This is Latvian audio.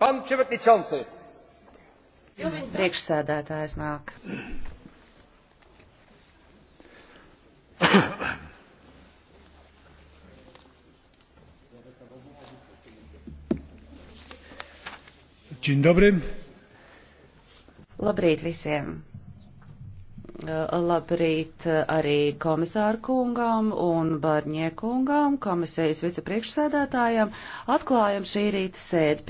Pan Čevetničansi. Priekšsēdētājs nāk. Labrīt visiem! Labrīt arī komisāru kungām un barņiekungām, komisijas vicepriekšsēdētājiem. Atklājam šī rīta sēdi.